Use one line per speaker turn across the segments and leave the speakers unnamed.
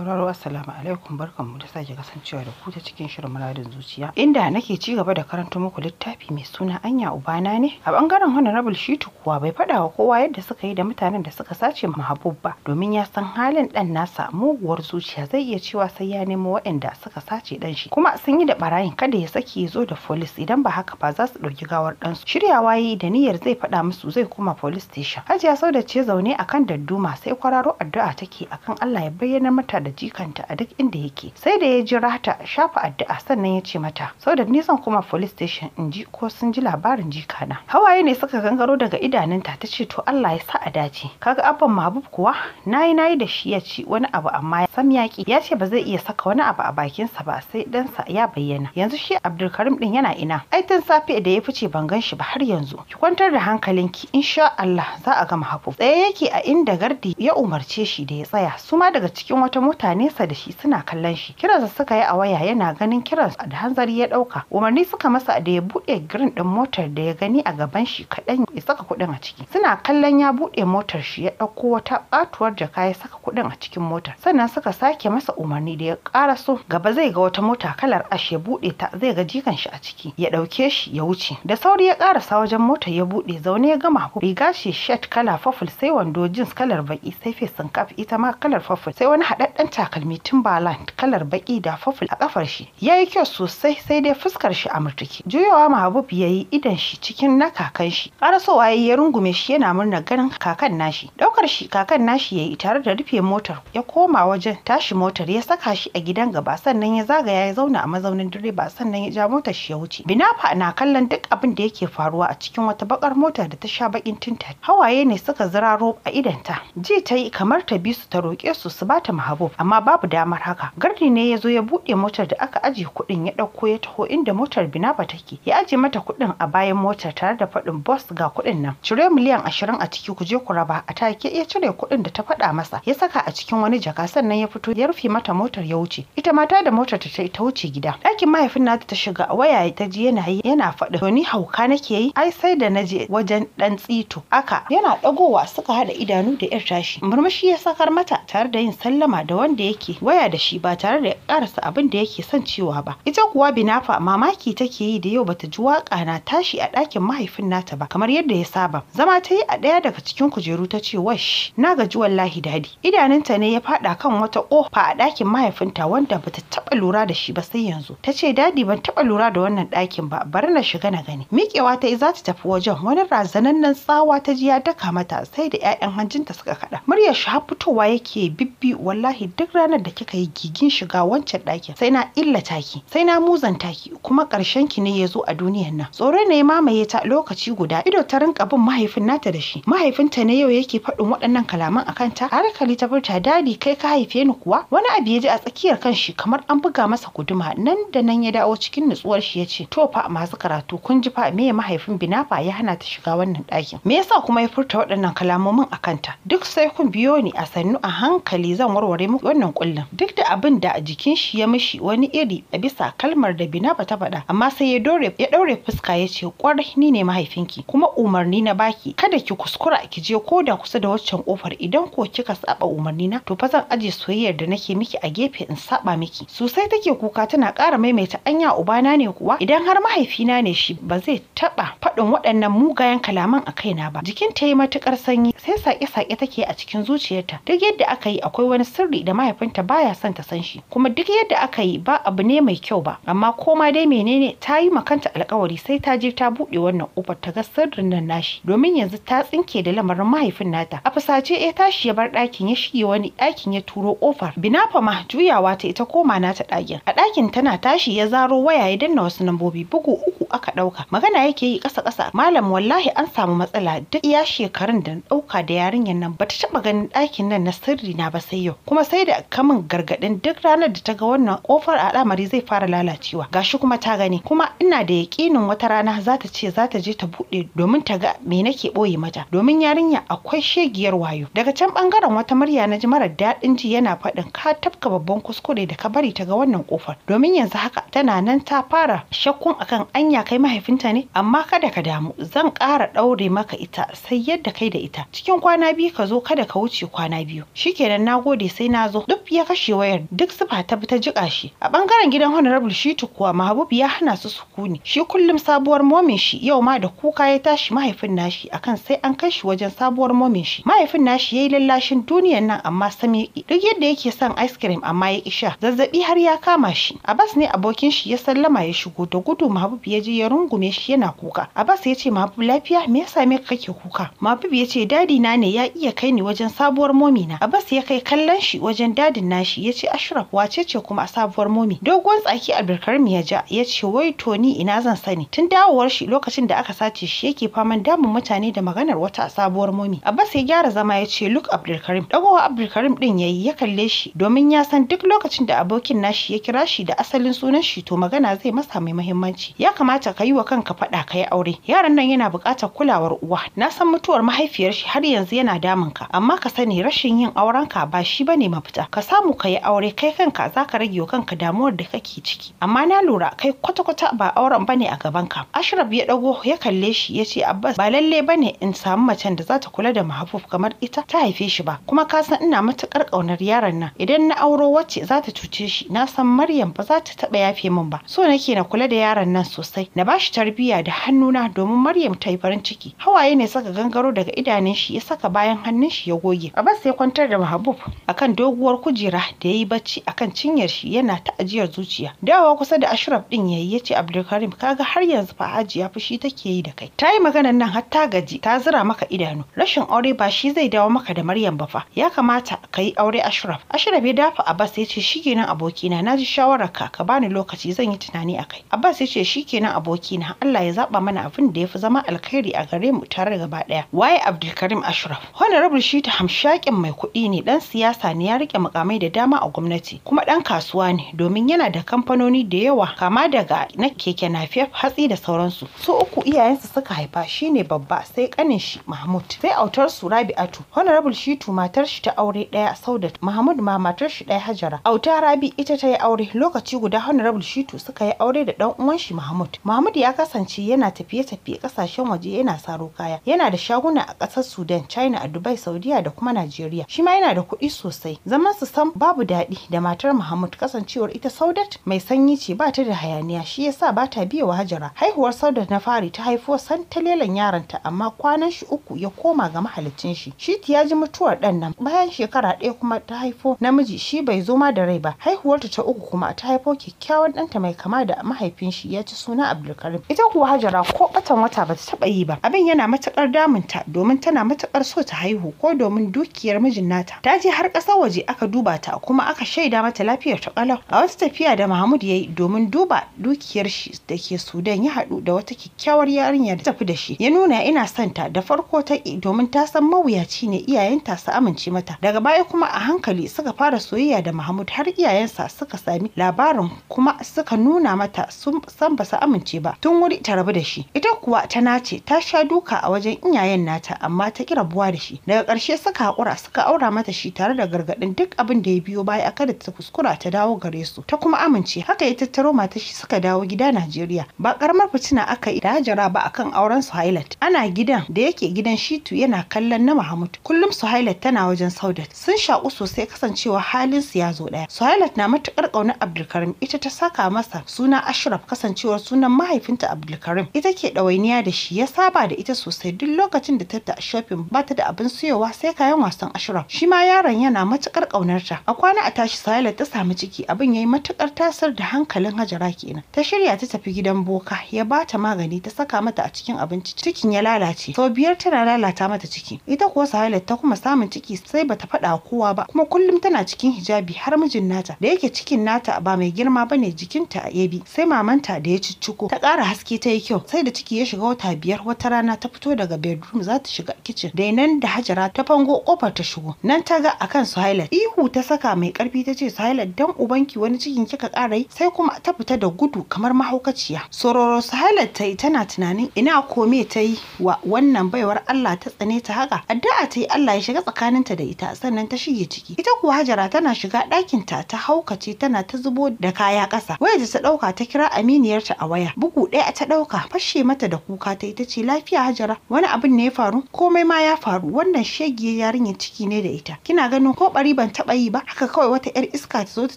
sauraro assalamu alaikum barkan mu. da sake kasancewa da ku ta cikin shirin muradin zuciya inda nake ci gaba da karanta muku littafi mai suna anya ubana ne a bangaren honorable shitu kuwa bai fada wa kowa yadda suka yi da mutanen da suka sace mahabub ba domin ya san halin dan nasa muguwar zuciya zai iya cewa sai ya nemo waɗanda suka sace dan shi kuma sun yi da barayin kada ya saki ya zo da police idan ba haka ba za su ɗauki gawar ɗansu shiryawa yi da niyyar zai fada musu zai koma police station hajiya sau da ce zaune akan dadduma sai kwararo addu'a take akan Allah ya bayyana mata da da jikanta a duk inda yake sai da ya jira ta shafa addu'a sannan ya ce mata sau da nisan kuma police station in ji ko sun ji labarin jikana hawaye ne suka gangaro daga idanunta ta ce to Allah ya sa a dace kaga abban mabub kuwa nayi nayi da shi ya ci wani abu amma ya sam yaki ya ce ba zai iya saka wani abu a bakinsa ba sai dansa ya bayyana yanzu shi Abdulkarim din yana ina ai tun safe da ya fice ban gan shi ba har yanzu ki kwantar da hankalinki insha Allah za a gama hafu tsaye yake a inda gardi ya umarce shi da ya tsaya su ma daga cikin wata mota mota nesa da shi suna kallon shi kiransa suka yi a waya yana ganin kiransa da hanzari ya dauka umarni suka masa da ya bude girin din motar da ya gani a gaban shi kadan ya saka kuɗin a ciki suna kallon ya bude motar shi ya dauko wata katuwar jaka ya saka kuɗin a cikin motar sannan suka sake masa umarni da ya kara so gaba zai ga wata mota kalar ash ya bude ta zai ga jikan shi a ciki ya dauke shi ya wuce da sauri ya karasa wajen motar ya bude zaune ya gama riga shi shirt kala purple sai wando jeans kalar baki sai sun kaf ita ma kalar purple sai wani haɗaɗɗen dogon takalmi Timberland kalar baki da fafil a kafar shi. Ya yi kyau sosai sai dai fuskar shi a murtuki. Juyawa Mahabub ya yi idan shi cikin na kakan shi. Karasowa ya yi rungume shi yana murna ganin kakan nashi. Daukar shi kakan nashi ya yi tare da rufe motar ya koma wajen tashi motar ya saka shi a gidan gaba sannan ya zagaya ya zauna a mazaunin direba sannan ya ja motar shi ya wuce. Binafa na kallon duk abin da yake faruwa a cikin wata bakar motar da ta sha bakin tinta. Hawaye ne suka ziraro a idanta. Ji ta yi kamar ta bi su ta roke su su bata mahabub amma babu damar haka gardi ne ya zo ya buɗe motar da aka ajiye kuɗin ya ɗauko ya taho inda motar binaba take ya ajiye mata kuɗin a bayan motar tare da faɗin boss ga kuɗin nan cire miliyan ashirin a ciki ku je ku raba a take ya cire kuɗin da ta faɗa masa ya saka a cikin wani jaka sannan ya fito ya rufe mata motar ya wuce ita mata da motar ta ta wuce gida ɗakin mahaifin nata ta shiga waya ta ji yana yi yana faɗi to ni hauka nake yi ai sai da na je wajen ɗan tsito aka yana ɗagowa suka haɗa idanu da 'yar tashi murmushi ya sakar mata tare da yin sallama da wani wanda yake waya da shi ba tare da karasa abin da yake son cewa ba ita kuwa binafa mamaki take yi da yau bata ji waka na tashi a ɗakin mahaifin nata ba kamar yadda ya saba zama ta yi a ɗaya daga cikin kujeru ta ce wash na gaji wallahi dadi idanunta ne ya faɗa kan wata ƙofa a ɗakin mahaifinta wanda bata taɓa lura da shi ba sai yanzu ta ce dadi ban taɓa lura da wannan ɗakin ba bari na shiga na gani miƙewa ta yi za ta tafi wajen wani razanannen tsawa ta ji ya daka mata sai da 'ya'yan hanjinta suka kaɗa muryar shi har fitowa yake bibbi wallahi duk ranar da kika yi gigin shiga wancan ɗakin sai na illata ki sai na muzanta ki kuma ƙarshen ki ne ya zo a duniyar nan tsoro ne ya mamaye ta lokaci guda ido ta rinka bin mahaifin nata da shi mahaifinta ne yau yake faɗin waɗannan kalaman a kanta harakali ta furta dadi kai ka haife ni kuwa wani abu ya ji a tsakiyar kan shi kamar an buga masa guduma nan da nan ya dawo cikin nutsuwar shi ya ce to fa masu karatu kun ji fa me mahaifin binafa ya hana ta shiga wannan ɗakin me yasa kuma ya furta waɗannan kalamomin a kanta duk sai kun biyo ni a sannu a hankali zan warware muku wannan kullum duk da abin da a jikin shi ya mishi wani iri a bisa kalmar da ba ta faɗa amma sai ya dore ya daure fuska ya ce kwarai ni ne mahaifinki kuma umarni na baki kada ki kuskura ki je ko da kusa da waccan kofar idan ko kika saba umarni na to fa zan aje soyayyar da nake miki a gefe in saba miki sosai take kuka tana ƙara maimaita anya ubana ne kuwa idan har mahaifina ne shi ba zai taba faɗin waɗannan mugayen kalaman a kaina ba jikin ta yi matukar sanyi sai saƙe-saƙe take a cikin zuciyarta duk yadda aka yi akwai wani sirri da mahaifinta baya son ta san shi kuma duk yadda aka yi ba abu ne mai kyau ba amma koma dai menene ta yi ma kanta alkawari sai ta je ta buɗe wannan ƙofar ta ga sirrin nan nashi domin yanzu ta tsinke da lamarin mahaifin nata a fusace ya eh, tashi ya bar ɗakin ya shige wani ɗakin ya turo ƙofar binafa ma juyawa ta ita koma nata ɗakin a ɗakin tana tashi ya zaro waya ya danna wasu lambobi bugu uku aka ɗauka magana yake yi ƙasa ƙasa malam wallahi an samu matsala duk iya shekarun da na ɗauka da yarinyar nan bata taɓa ganin ɗakin nan na sirri na ba sai yau kuma sai da kamun gargadin duk ranar da ta ga wannan kofar al'amari zai fara lalacewa gashi kuma ta gani kuma ina da yakinin wata rana za ta ce za ta je ta bude domin ta ga me nake boye mata domin yarinya akwai shegiyar wayo daga can bangaren wata murya na ji mara daɗin ji yana faɗin ka tafka babban kuskure da ka bari ta ga wannan kofar domin yanzu haka tana nan ta fara shakkun akan anya kai mahaifinta ne amma kada ka damu zan ƙara ɗaure maka ita sai yadda kai da ita cikin kwana biyu ka zo kada ka wuce kwana biyu shikenan nagode sai na zo duk ya kashe wayar duk sufa ta bi ta jika shi a bangaren gidan honorable shitu kuwa mahabub ya hana su sukuni shi kullum sabuwar momin shi yau ma da kuka ya tashi mahaifin nashi akan sai an kai shi wajen sabuwar momin shi mahaifin nashi yayi lallashin duniyar nan amma sam duk yadda yake son ice cream amma ya isha. Zazzaɓi zazzabi har ya kama shi A bas ne abokin shi ya sallama ya shigo da gudu mahabub ya je ya rungume shi yana kuka abbas ya ce mahabub lafiya me ya me kake kuka mahabub ya ce dadi na ne ya iya kai ni wajen sabuwar momi na abbas ya kai kallon shi wajen wajen dadin nashi ya ce Ashraf wace ce kuma a sabuwar momi doguwar tsaki Abdulkarim ya ja ya ce wai to ni ina zan sani tun dawowar shi lokacin da aka sace shi yake faman damun mutane da maganar wata a sabuwar momi Abbas ya gyara zama ya ce Luke Abdulkarim dagowa Abdulkarim din yayi ya kalle shi domin ya san duk lokacin da abokin nashi ya kira shi da asalin sunan shi to magana zai masa mai muhimmanci ya kamata ka yi wa kanka faɗa ka yi aure Yaran nan yana buƙatar kulawar uwa na san mutuwar mahaifiyar shi har yanzu yana damun ka amma ka sani rashin yin aurenka ba shi bane mafi ka samu ka yi aure kai kanka za ka rage kanka damuwar da kake ciki amma na lura kai kwata-kwata ba auren bane a gaban ka ashraf ya dago ya kalle shi ya ce abbas ba lalle bane in samu macen da za ta kula da mahafuf kamar ita ta haife shi ba kuma ka san ina matukar ƙaunar yaron nan idan na auro wacce za ta cuce shi na san maryam ba za ta taba yafe min ba so nake na kula da yaron nan sosai na ba shi tarbiyya da hannuna domin maryam ta yi farin ciki hawaye ne saka gangaro daga idanun shi ya saka bayan hannun shi ya goge abbas ya kwantar da mahabub akan dogo doguwar kujera da ya yi bacci a kan cinyar shi yana ta ajiyar zuciya dawowa kusa da ashraf din ya yi ya ce abdulkarim kaga har yanzu fa ya fushi take yi da kai ta yi maganar nan har ta gaji ta zira maka idanu rashin aure ba shi zai dawo maka da maryam ba fa ya kamata ka yi aure ashraf ashraf ya dafa abbas ya ce shikenan abokina na ji shawararka ka bani lokaci zan yi tunani a kai abbas ya ce shikenan abokina allah ya zaba mana abin da ya fi zama alkhairi a gare mu tare gaba daya waye abdulkarim ashraf honorable shi ta hamshakin mai kuɗi ne dan siyasa ne ya rike mukamai da dama a gwamnati kuma ɗan kasuwa ne domin yana da kamfanoni da yawa kama daga na keke nafiyar hatsi da sauransu su uku iyayensa suka haifa shine babba sai kanin shi mahmud sai autar su rabi'atu honorable shitu matar shi ta aure ɗaya saudat mahmud ma matar shi ɗaya hajara auta rabi ita ta yi aure lokaci guda honorable shitu suka yi aure da ɗan uwan shi mahmud mahmud ya kasance yana tafiye-tafiye kasashen waje yana saro kaya yana da shaguna a ƙasar sudan china a dubai saudiya da kuma najeriya shi ma yana da kuɗi sosai zaman su sam babu daɗi da matar Muhammad kasancewar ita Saudat mai sanyi ce ba ta da hayaniya shi yasa ba ta biya wa Hajara. Haihuwar Saudat na fari ta haifo san talelan yaranta amma kwanan shi uku ya koma ga mahalicin shi. Shiti ya ji mutuwar ɗan nan bayan shekara ɗaya kuma ta haifo namiji shi bai zo ma da rai ba. Haihuwarta ta uku kuma ta haifo kyakkyawan ɗanta mai kama da mahaifin shi ya ci suna Abdulkarim. Ita kuwa Hajara ko ɓatan wata ba ta taɓa yi ba. Abin yana matuƙar damunta domin tana matuƙar so ta haihu ko domin dukiyar mijin nata. Ta je har ƙasar waje aka duba ta kuma aka shaida mata lafiyar ta kalau a wata tafiya da mahmud ya yi domin duba dukiyar shi da ke sudan ya haɗu da wata kyakkyawar yarinya da tafi da shi ya nuna ina son ta da farko ta ki domin ta san mawuyaci ne iyayenta su amince mata daga baya kuma a hankali suka fara soyayya da mahmud har iyayensa suka sami labarin kuma suka nuna mata sun san ba su amince ba tun wuri ta rabu da shi ita kuwa ta nace ta sha duka a wajen iyayen nata amma ta ki rabuwa da shi daga ƙarshe suka haƙura suka aura mata shi tare da gargaɗin duk abin da ya biyo baya kada ta kuskura ta dawo gare su ta kuma amince haka ya tattaro matar shi suka dawo gida Najeriya ba karamar fitina aka yi da Hajara ba akan auren Suhailat ana gidan da yake gidan Shitu yana kallon na Mahmud kullum Suhailat tana wajen Saudat sun shaku sosai kasancewa halin su ya zo daya Suhailat na matukar kaunar Abdulkarim ita ta saka masa suna Ashraf kasancewar sunan mahaifinta Abdulkarim ita ke ɗawainiya da shi ya saba da ita sosai duk lokacin da ta ta shopping ba ta da abin siyowa sai kayan wasan Ashraf shi ma yaron yana matukar matukar ƙaunarta. A kwana a tashi Sa'ilat ta samu ciki abin yayi matukar tasir da hankalin Hajara kenan. Ta shirya ta tafi gidan boka ya bata magani ta saka mata a cikin abinci cikin ya lalace. Sau biyar tana lalata mata ciki. Ita kuwa Sa'ilat ta kuma samun ciki sai bata faɗa kowa ba kuma kullum tana cikin hijabi har mijin nata da yake cikin nata ba mai girma bane jikinta a yabi sai mamanta da ya cicciko ta ƙara haske ta yi kyau sai da ciki ya shiga wata biyar wata rana ta fito daga bedroom za ta shiga kitchen Dai nan da Hajara ta fango kofar ta shigo nan ta ga akan Suhaila ihu ta saka mai karfi ta ce silent dan ubanki wani cikin kika ƙara sai kuma ta fita da gudu kamar mahaukaciya sororo silent ta yi tana tunanin ina kome ta yi wa wannan baiwar Allah ta tsane ta haka addu'a ta yi Allah ya shiga tsakaninta da ita sannan ta shige ciki ita kuwa Hajara tana shiga ɗakin ta ta haukace tana ta zubo da kaya ƙasa da ta ɗauka ta kira aminiyarta a waya bugu ɗaya ta ɗauka fashe mata da kuka ta yi ta ce lafiya Hajara wani abin ne ya faru komai ma ya faru wannan shege yarinyar ciki ne da ita kina ganin ko bari ban taba yi ba haka kawai wata yar iska ta zo ta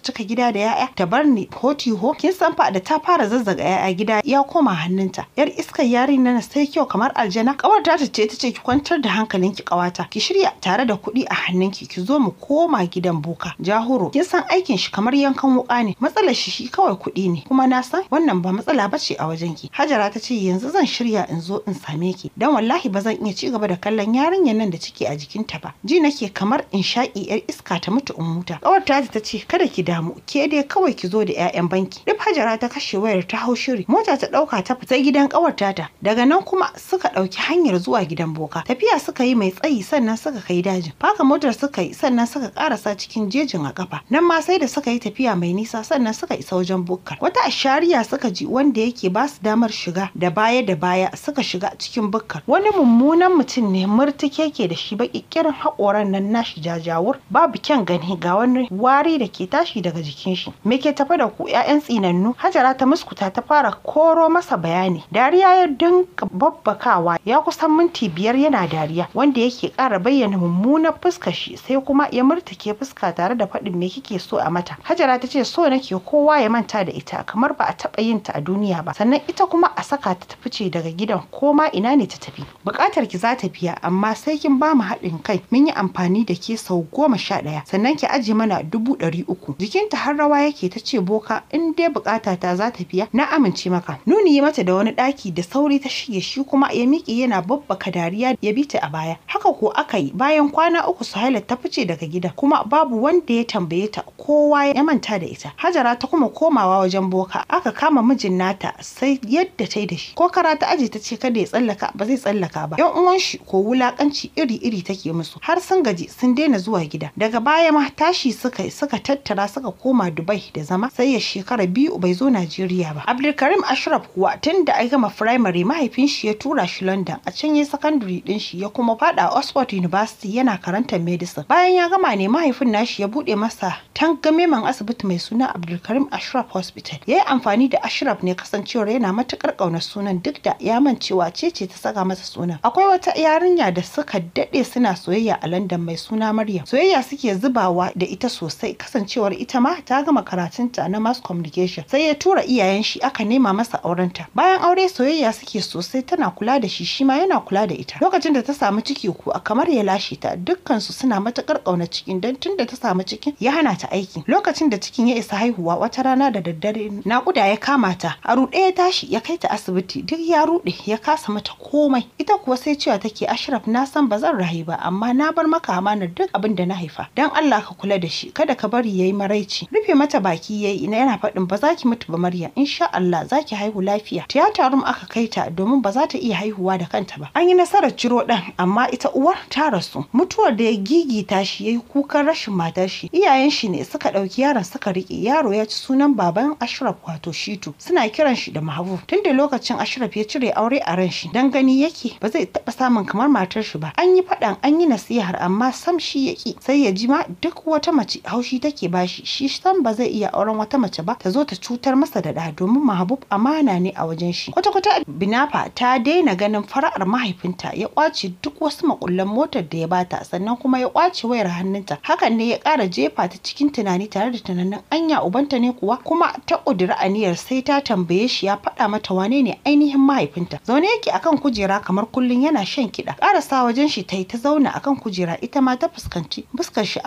cika gida da yaya ta bar ni hotiho kin san fa da ta fara zazzaga yaya gida ya koma hannunta yar iskar yarin na sai kyau kamar aljana kawar ta ta ce ta ce ki kwantar da hankalinki kawata ki shirya tare da kuɗi a hannunki ki zo mu koma gidan boka jahuro kin san aikin shi kamar yankan wuka ne matsalar shi shi kawai kuɗi ne kuma na san wannan ba matsala ba ce a wajen ki hajara ta ce yanzu zan shirya in zo in same ki dan wallahi ba zan iya ci gaba da kallon yarinyar nan da ciki a jikinta ba ji nake kamar in sha'i yar iska saka ta mutu in muta kawar ta ta ce kada ki damu ke dai kawai ki zo da 'ya'yan banki duk hajara ta kashe wayar ta hau shiri mota ta ɗauka ta fita gidan kawar ta daga nan kuma suka ɗauki hanyar zuwa gidan boka tafiya suka yi mai tsayi sannan suka kai dajin faka motar suka yi sannan suka karasa cikin jejin a ƙafa. nan ma sai da suka yi tafiya mai nisa sannan suka isa wajen bukkar wata ashariya suka ji wanda yake ba su damar shiga da baya da baya suka shiga cikin bukkar wani mummunan mutum ne murtuke ke da shi baki kirin haƙoran nan nashi jajawur babu kyan gani ga wani wari da ke tashi daga jikin shi me ke tafa da ku ƴaƴan tsinannu hajara ta muskuta ta fara koro masa bayani dariya ya dinka babbakawa ya kusan minti biyar yana dariya wanda yake ƙara bayyana mummunar fuska shi sai kuma ya murtuke fuska tare da faɗin me kike so a mata hajara ta ce so nake kowa ya manta da ita kamar ba a taɓa yin ta a duniya ba sannan ita kuma a saka ta fice daga gidan ko ma ina ne ta tafi buƙatar ki za ta biya amma sai kin ba mu haɗin kai mun yi amfani da ke sau goma sha ɗaya daya sannan ki aje mana dubu ɗari uku jikinta har rawa yake ta ce boka in dai bukata ta za ta biya na amince maka nuni yi mata da wani ɗaki da sauri ta shige shi kuma ya miƙe yana babbaka dariya ya bi ta a baya haka ko aka yi bayan kwana uku su Suhaila ta fice daga gida kuma babu wanda ya tambaye ta kowa ya manta da ita Hajara ta kuma komawa wajen boka aka kama mijin nata sai yadda ta yi da shi ko kara ta aje ta ce kada ya tsallaka ba zai tsallaka ba yan uwan shi ko wulakanci iri-iri take musu har sun gaji sun daina zuwa gida daga baya ma tashi suka suka tattara suka koma Dubai da zama sai ya shekara biyu bai zo Najeriya ba. Abdulkarim Ashraf kuwa tun da ai gama firamare mahaifin shi ya tura shi London a can yayin sakandare din shi ya kuma fada Oxford University yana karantar medicine. Bayan ya gama ne mahaifin nashi ya bude masa tangameman asibiti mai suna Abdulkarim Ashraf Hospital. Yayi amfani da Ashraf ne kasancewar yana matukar kaunar sunan duk da ya mancewa cece ta saka masa sunan. Akwai wata yarinya da suka dade suna soyayya a London mai suna Maryam. Soyayya suke zubawa da ita sosai kasancewar ita ma ta gama karatunta na mass communication sai ya tura iyayen shi aka nema masa aurenta bayan aure soyayya suke sosai tana kula da shi shi ma yana kula da ita lokacin da ta samu ciki ko a kamar ya lashe ta dukkan su suna matakar kauna cikin dan tun da ta samu cikin ya hana ta aiki lokacin da cikin ya isa haihuwa wata rana da daddare nakuda ya kama ta a ruɗe ya tashi ya kai ta asibiti duk ya ruɗe ya kasa mata komai ita kuwa sai cewa take ashraf na san ba zan rayu ba amma na bar maka amanar duk abin da na haifa don Allah ka kula da shi kada ka bari yayi maraici rufe mata baki yayi ina yana faɗin ba za ki mutu ba Maryam insha Allah za ki haihu lafiya tiyata rum aka kai ta domin ba za ta iya haihuwa da kanta ba an yi nasarar ciro ɗan amma ita uwar ta rasu mutuwar da ya gigita shi yayi kukan rashin matar shi iyayen shi ne suka ɗauki yaron suka riƙe yaro ya ci sunan baban Ashraf wato Shitu suna kiran shi da Mahbub tunda lokacin Ashraf ya cire aure a ran shi dan gani yake ba zai taɓa samun kamar matar shi ba an yi faɗan an yi nasihar amma sam shi yake sai ya ji jima ma duk wata mace haushi take bashi shi san ba zai iya auren wata mace ba ta zo ta cutar masa da da domin Mahabub amana ne a wajen shi. Kwata-kwata Binafa ta daina ganin fara'ar mahaifinta ya kwace duk wasu makullan motar da ya bata sannan kuma ya kwace wayar hannunta hakan ne ya kara jefa ta cikin tunani tare da tunanin anya ubanta ne kuwa kuma ta kudura aniyar sai ta tambaye shi ya faɗa mata wane ne ainihin mahaifinta zaune yake akan kujera kamar kullum yana shan kiɗa ƙarasa wajen shi ta yi ta zauna akan kujera ita ma ta fuskanci fuskar shi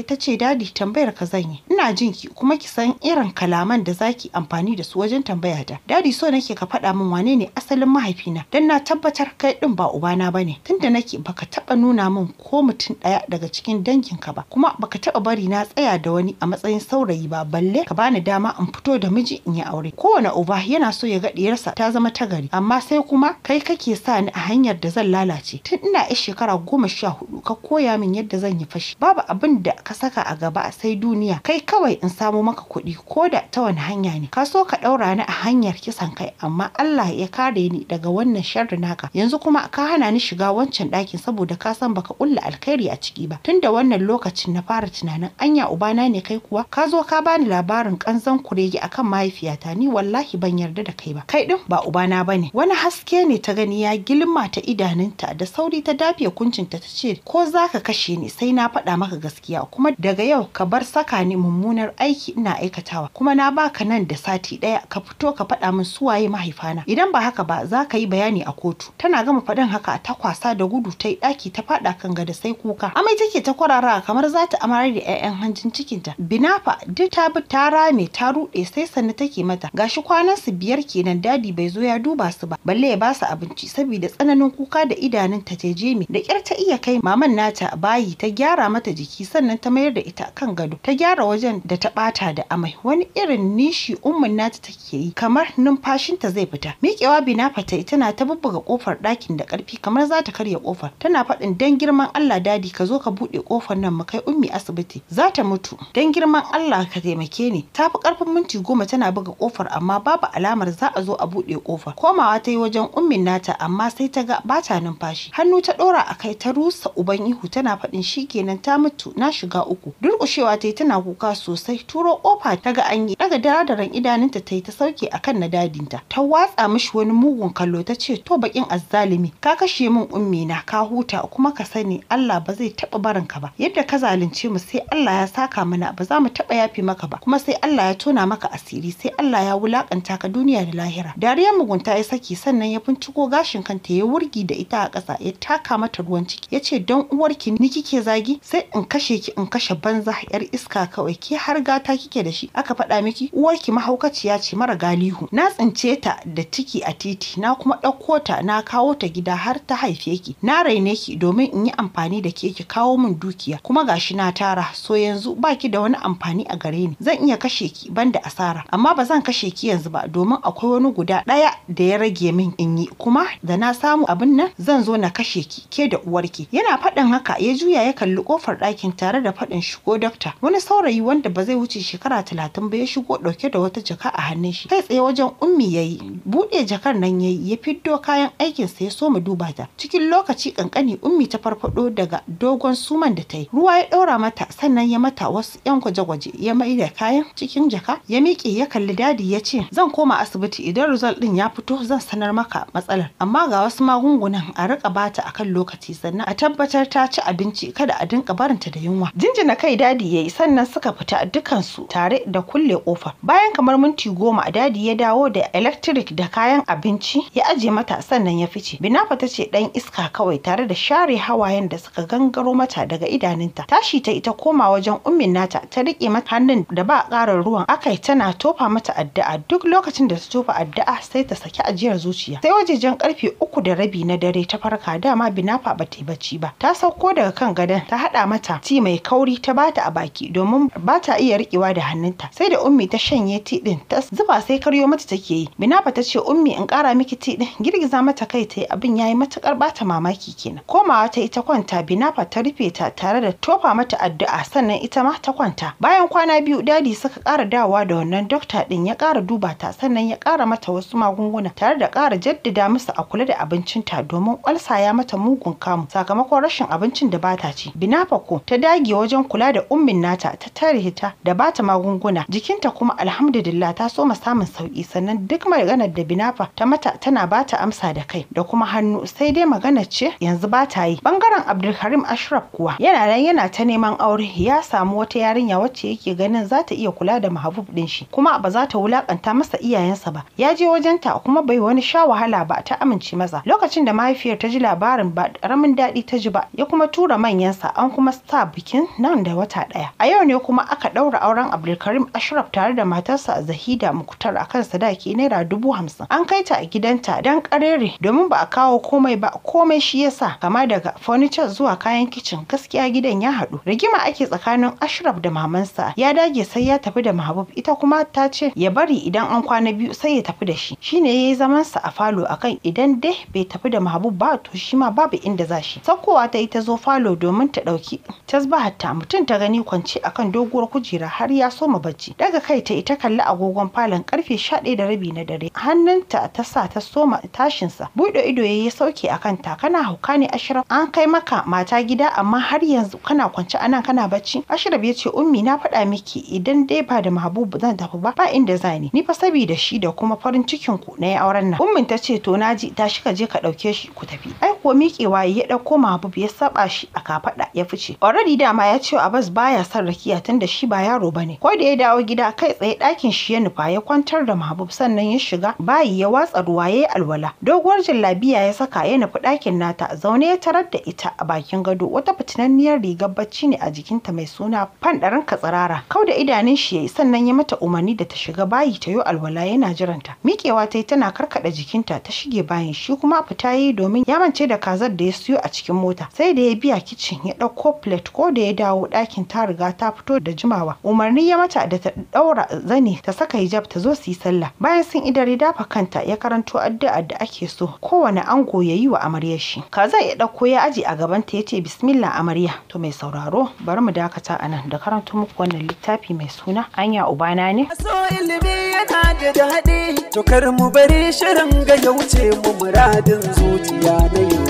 a ta ce dadi tambayar ka zan yi ina jin ki kuma ki san irin kalaman da zaki amfani da su wajen tambaya ta dadi so nake ka faɗa min wane ne asalin mahaifina dan na tabbatar kai din ba ubana bane tunda nake baka taba nuna min ko mutum ɗaya daga cikin danginka ba kuma baka taɓa bari na tsaya da wani a matsayin saurayi ba balle ka bani dama in fito da miji in yi aure kowane uba yana so ya ga ɗiyarsa ta zama ta gari amma sai kuma kai kake sa ni a hanyar da zan lalace tun ina 'yar shekara goma sha hudu ka koya min yadda zan yi fashi babu abin da ka saka a gaba sai duniya kai kawai in samo maka kuɗi ko da ta wani hanya ne ka so ka ɗaura ni a hanyar kisan kai amma Allah ya kare ni daga wannan sharri naka yanzu kuma ka hana ni shiga wancan ɗakin saboda ka san baka ƙulla alkhairi a ciki ba tunda wannan lokacin na fara tunanin anya ubana ne kai kuwa ka zo ka bani labarin kanzan kurege akan mahaifiyata ni wallahi ban yarda da kai ba kai ɗin ba ubana bane wani haske ne ta gani ya gilma ta idanunta da sauri ta dafiya kuncinta ta ce ko zaka kashe ni sai na faɗa maka gaskiya kuma daga yau ka bar saka ni mummunar aiki ina aikatawa kuma na baka nan da sati ɗaya ka fito ka faɗa min su waye mahaifana idan ba haka ba za ka yi bayani a kotu tana gama faɗin haka ta kwasa da gudu ta yi ɗaki ta faɗa kan gada sai kuka amai take ta kwarara kamar za ta amare da 'ya'yan hanjin cikinta binafa duk ta bi ta rame ta ruɗe sai sannu take mata gashi kwanan su biyar kenan dadi bai zo ya duba su ba balle ya ba su abinci saboda tsananin kuka da idanun ta je mi da kyar ta iya kai maman nata bayi ta gyara mata jiki jiki sannan ta mayar da ita kan gado ta gyara wajen da ta bata da amai wani irin nishi ummin nata take yi kamar numfashinta zai fita miƙewa bina fata tana ta bubbuga kofar ɗakin da ƙarfi kamar za ta karya kofar tana faɗin dan girman Allah dadi ka zo ka buɗe kofar nan mu kai ummi asibiti za ta mutu dan girman Allah ka taimake ni ta fi ƙarfin minti goma tana buga kofar amma babu alamar za a zo a buɗe kofar komawa ta yi wajen ummin nata amma sai ta ga bata numfashi hannu ta ɗora a kai ta rusa uban ihu tana faɗin kenan ta mutu fito na shiga uku durƙushewa ta yi tana kuka sosai turo ƙofa ta ga anyi. yi daga daradaran idanunta ta yi ta sauke akan na dadinta ta watsa mishi wani mugun kallo ta ce to bakin azzalumi ka kashe min ummi na ka huta kuma ka sani Allah ba zai taɓa barin ka ba yadda ka zalunce mu sai Allah ya saka mana ba za mu taba yafi maka ba kuma sai Allah ya tona maka asiri sai Allah ya wulakanta ka duniya da lahira dariyar mugunta ya saki sannan ya binciko gashin kanta ya wurgi da ita a ƙasa ya taka mata ruwan ciki ya ce don uwarki ni kike zagi sai in kashe ki in kashe banza yar iska kawai ke har gata kike da shi aka faɗa miki uwar uwarki mahaukaciya ce mara galihu na tsince ta da ciki a titi na kuma ɗauko ta na kawo ta gida har ta haife ki na raine ki domin in yi amfani da ke ki kawo min dukiya kuma gashi na tara so yanzu ba ki da wani amfani a gare ni zan iya kashe ki banda asara amma ba zan kashe ki yanzu ba domin akwai wani guda ɗaya da ya rage min in yi kuma da na samu abin nan zan zo na kashe ki ke da uwarki yana faɗin haka ya juya ya kalli kofar ɗaki aikin tare da faɗin shigo dokta wani saurayi wanda ba zai wuce shekara talatin ba ya shigo ɗauke da wata jaka a hannun shi kai tsaye wajen ummi ya yi buɗe jakar nan ya yi ya fiddo kayan aikinsa ya so mu duba ta cikin lokaci ƙanƙani ummi ta farfaɗo daga dogon suman da ta yi ruwa ya ɗaura mata sannan ya mata wasu 'yan gwaje-gwaje ya mai da kayan cikin jaka ya miƙe ya kalli dadi ya ce zan koma asibiti idan result ɗin ya fito zan sanar maka matsalar amma ga wasu magungunan a riƙa bata akan lokaci sannan a tabbatar ta ci abinci kada a dinka barin kanta da yunwa jinjina kai dadi yayi sannan suka fita dukansu tare da kulle kofa. bayan kamar minti goma dadi ya dawo da electric da kayan abinci ya aje mata sannan ya fice binafa ta ce dan iska kawai tare da share hawayen da suka gangaro mata daga idanunta tashi ta ita koma wajen ummin nata ta rike mata hannun da ba karar ruwan akai tana tofa mata addu'a duk lokacin da ta tofa addu'a sai ta saki ajiyar zuciya sai wajejen karfe uku da rabi na dare ta farka dama binafa ba ta yi bacci ba ta sauko daga kan gadon ta hada mata ta ti mai kauri ta bata a baki domin ba ta iya riƙewa da hannunta sai da ummi ta shanye ti ɗin ta zuba sai karyo mata take yi binafa ta ce ummi in kara miki ti ɗin girgiza mata kai ta abin ya yi matukar bata mamaki kenan komawa ta ita kwanta binafa ta rufe ta tare da tofa mata addu'a sannan ita ma ta kwanta bayan kwana biyu dadi suka kara dawowa da wannan dokta din ya kara duba ta sannan ya ƙara mata wasu magunguna tare da kara jaddada musu a kula da abincinta domin ƙwalsa ya mata mugun kamu sakamakon rashin abincin da bata ci binafa ko ta dage wajen kula da ummin nata ta tare ta da bata magunguna jikinta kuma alhamdulillah ta soma samun sauki sannan duk maganar da binafa ta mata tana bata amsa da kai da kuma hannu sai dai magana ce yanzu ba ta yi bangaren Abdulkarim Ashraf kuwa yana nan yana ta neman aure ya samu wata yarinya wacce yake ganin za ta iya kula da mahabub din shi kuma ba za ta wulakanta masa iyayensa ba ya je wajenta kuma bai wani sha wahala ba ta amince masa lokacin da mahaifiyar ta ji labarin ba ƙaramin daɗi ta ji ba ya kuma tura manyansa an kuma a bikin nan da wata ɗaya. A yau ne kuma aka ɗaura auren Abdulkarim Ashraf tare da matarsa Zahida Muktar a kan sadaki naira dubu hamsin. An kai ta a gidanta don ƙarere domin ba a kawo komai ba komai shi yasa kama daga furniture zuwa kayan kicin gaskiya gidan ya haɗu. Rigima ake tsakanin Ashraf da mamansa ya dage sai ya tafi da Mahbub ita kuma ta ce ya bari idan an kwana biyu sai ya tafi da shi. Shine ya yi zamansa a falo akan idan dai bai tafi da Mahbub ba to shi ma babu inda za shi. Sakkowa ta yi ta zo falo domin ta ɗauki tasbahatta mutum ta gani kwance akan doguwar kujera har ya soma bacci daga kai ta ita kalli agogon falon karfe sha ɗaya da rabi na dare hannunta ta sa ta soma tashinsa buɗe ido ya sauke akan ta kana hauka ne ashraf an kai maka mata gida amma har yanzu kana kwance anan kana bacci ashraf ya ce ummi na faɗa miki idan dai ba da mahabubu zan tafi ba ba inda za ni ni fa saboda shi da kuma farin cikin ku na yi auren nan ummin ta ce to naji tashi ka je ka ɗauke shi ku tafi ai kuwa miƙewa ya ɗauko Mahabubu ya saba shi a kafaɗa ya fice Already dama ya ce Abbas baya son rakiya tunda shi ba yaro bane. Ko da ya dawo gida kai tsaye ɗakin shi ya nufa ya kwantar da Mahbub sannan ya shiga bayi ya watsa ruwa ya yi alwala. Doguwar jallabiya ya saka ya nufi ɗakin nata zaune ya tarar da ita a bakin gado wata fitinanniyar rigar bacci ne a jikinta mai suna fanɗarin tsarara Kau da idanun shi ya yi sannan ya mata umarni da ta shiga bayi ta yi alwala yana jiranta. Miƙewa ta yi tana karkaɗa jikinta ta shige bayin shi kuma fita yi domin ya mance da kazar da ya siyo a cikin mota sai da ya biya kicin ya ɗauko plate Juliet ko da ya dawo ɗakin ta riga ta fito da jimawa. Umarni ya mata da ta ɗaura zani ta saka hijab ta zo su yi sallah. Bayan sun idar ya dafa kanta ya karanto addu'a da ake so kowane ango ya yi wa amarya shi. Kaza ya ɗauko ya aji a gabanta ya ce bismillah amarya. To mai sauraro bari mu dakata a nan da karanto muku wannan littafi mai suna anya ubana ne. So ilimi yana da daɗi to kar mu bari shirin ga ya wuce mu muradin zuciya na yau.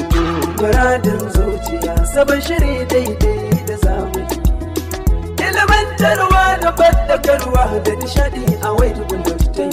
faradin zuciya sabon shiri daidai da zamani. ilmantarwa da fadakarwa da nishadi a waidu